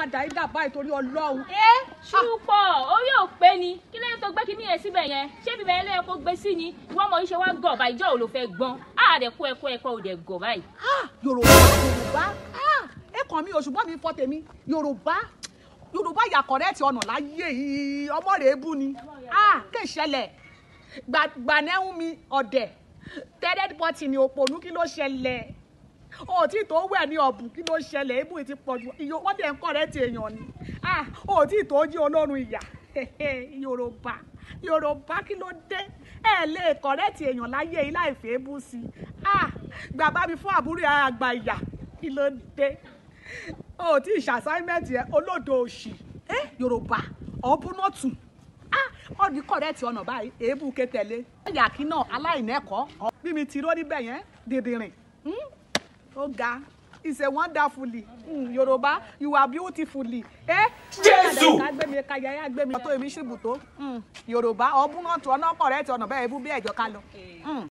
ọ̀kadà yìí dà báyìí torí ọlọ́run. ẹ ṣùpọ̀ orí ò pé ni kí ló yẹ tó gbé kíní yẹn síbẹ̀ yẹn ṣé bíbẹ̀ yẹn lẹ́yìn kó gbé sí ni ìwọ ọmọ yìí ṣe wá gọ̀ báyìí ìjọ ò ló fẹ́ gbọ́n á rẹ̀ kó ẹ̀kọ́ ẹ̀kọ́ ò dẹ̀ gọ̀ báyìí. yorùbá yorùbá ẹ̀kọ́ mi òṣùbọ́ mi fọ́ tèmi yorùbá yorùbá yàkọ̀rẹ́ ti ọ̀nà láyé yìí ọmọ rẹ̀ ebú ni kéṣẹlẹ̀ gbanẹ́hùn mi ọ̀dẹ̀ tẹ́rẹ́dì pọ́tì ni òpònú kí ló ṣẹlẹ̀ o tí tó wẹ̀ ní ọ̀bùn kí ló ṣẹlẹ̀ ibú ti pọ̀ jù iye wọ́n dẹ̀ ń kọ́ rẹ́ ti èèyàn ni o tí tó jí olórun ìyà yorùbá yorùbá kí ló dé ẹ lè kọ̀rẹ́ ti èèyàn láyé yìí láì fèé bú sí i gbàgbá mi fún àbúrò àgbà ìyà kí ló dé o tí ìṣàsáímẹ́ǹt yẹn olódo òṣì yorùbá ọ̀bùnọ́tù ọ̀dì kọ̀rẹ́ẹ̀tì ọ̀nà báyìí èébù kétẹ̀lé. ìyàkí náà aláìnẹ́kọ̀ọ́ bí mi ti rọ́ níbẹ̀ yẹn dìdìrìn hmm? Oga is a wonderfully mm, Yoruba you are beautifully eh Jésù agbemi kaya agbemi to emi sibuto mm, Yoruba obun na to na correct ọ̀nà ká lọ mm.